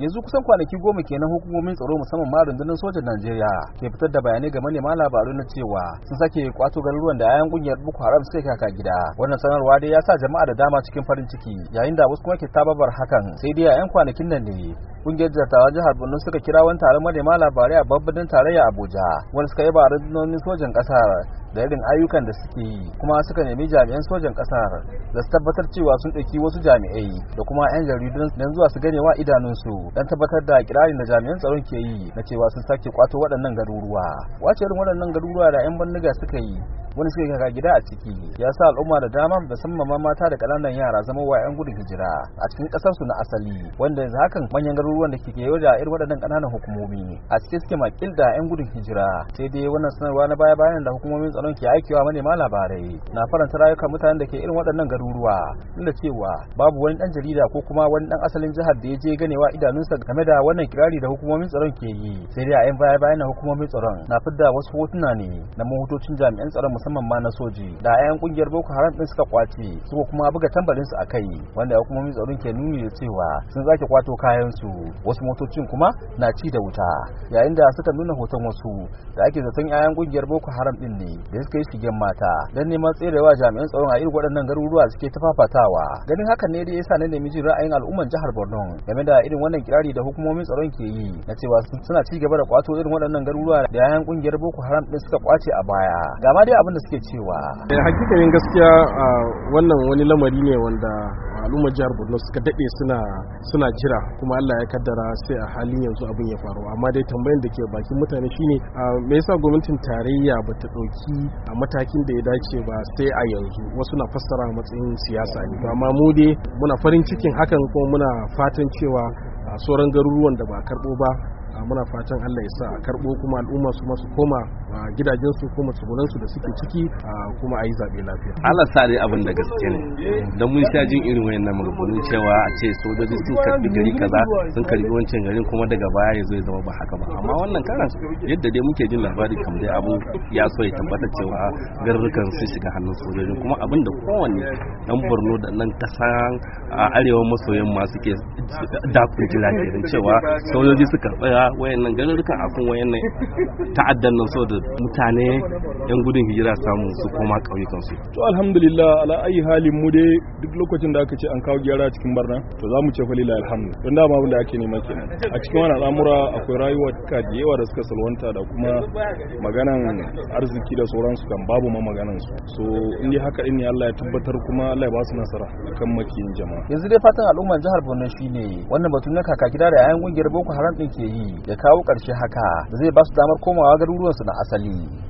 yanzu kusan kwanaki goma kenan hukumomin tsaro musamman ma rundunar sojan Najeriya ke fitar da bayanai ga manema labaru na cewa sun sake kwato garuruwan da ayan kungiyar Boko Haram suka kaka gida wannan sanarwa dai ya sa jama'a da dama cikin farin ciki yayin da wasu kuma ke tababar hakan sai dai a 'yan kwanakin nan ne kungiyar dattawan jihar borno suka kira wani taron manema labarai a babban tarayya abuja wanda suka yi barin rundunonin sojan kasar da irin ayyukan da suke yi kuma suka nemi jami'an sojan kasar da su tabbatar cewa sun ɗauki wasu jami'ai da kuma 'yan jaridun don zuwa su gane wa idanunsu don tabbatar da kirarin da jami'an tsaron ke yi na cewa sun sake kwato waɗannan garuruwa wace irin waɗannan garuruwa da 'yan bandiga suka yi wani suka kaka gida a ciki ya sa al'umma da dama musamman ma mata da kananan yara zama wa 'yan gudun hijira a cikin kasar su na asali wanda yanzu hakan manyan garuruwan da ke kewaye da irin waɗannan kananan hukumomi a cikin suke makil da 'yan gudun hijira sai dai wannan sanarwa na baya bayan da hukumomin tsaron ke aikewa manema labarai na faranta rayukan mutanen da ke irin waɗannan garuruwa inda cewa babu wani ɗan jarida ko kuma wani ɗan asalin jihar da ya je ganewa idanunsa game da wannan kirari da hukumomin tsaron ke yi sai dai a 'yan baya bayan da hukumomin tsaron na fidda wasu hotuna ne na mahutocin jami'an tsaron musamman ma na soji da 'yan kungiyar boko haram din suka kwace suka kuma buga tambarin su a kai wanda ya tsaron ke nuni da cewa sun zaki kwato kayan su wasu motocin kuma na ci da wuta yayin da suka nuna hoton wasu da ake zaton 'ya'yan kungiyar boko haram din ne da suka yi shigen mata don neman tserewa jami'an tsaron a irin waɗannan garuruwa suke tafafatawa. ganin hakan ne da yasa na nemi jin ra'ayin al'umman jihar Borno game da irin wannan kirari da hukumomin tsaron ke yi na cewa suna ci gaba da kwato irin waɗannan garuruwa da 'ya'yan kungiyar boko haram din suka kwace a baya ga ma dai abin da suke cewa eh, hakikanin gaskiya wannan wani lamari ne wanda al'ummar jihar borno suka daɗe suna suna jira kuma allah ya kaddara sai a halin yanzu abin ya faru amma dai tambayin da ke bakin mutane shine me yasa gwamnatin tarayya ba ta ɗauki a matakin da ya dace ba sai a yanzu wasu na fassara matsayin siyasa ne amma mu dai muna farin cikin hakan kuma muna fatan cewa sauran garuruwan da ba a karɓo ba muna fatan Allah ya sa a karbo kuma al'umma su masu koma gidajen su koma su da suke ciki kuma a yi zaɓe lafiya. Allah sa dai abin da gaske ne don mun sha jin irin wayannan maganganu cewa a ce sojoji sun karbi gari kaza sun karbi wancan garin kuma daga baya ya zo ya zama ba haka ba amma wannan karan yadda dai muke jin labari kam dai abu ya so ya tabbata cewa garurrukan sun shiga hannun sojoji kuma abin da kowanne dan Borno da nan kasan arewa maso yamma suke dakon jira cewa sojoji suka tsaya wayannan garurukan akwai wayannan ta'addan nan so da mutane 'yan gudun hijira samu su koma ƙauyukansu. To alhamdulillah ala ayi halin mu dai duk lokacin da aka ce an kawo gyara cikin barna to za mu ce fa lillahi alhamdu don dama abin da ake nema kenan. A cikin wannan al'amura akwai rayuwa ka da yawa da suka salwanta da kuma maganan arziki da sauransu kan babu ma maganan su. So in dai haka din ne Allah ya tabbatar kuma Allah ya ba su nasara kan makiyin jama'a. Yanzu dai fatan al'ummar jihar Borno shine wannan batun na kaka gida da yayan gungiyar Boko Haram din ke yi ya kawo ƙarshe haka da zai ba su damar komawa garuruwansu na asali.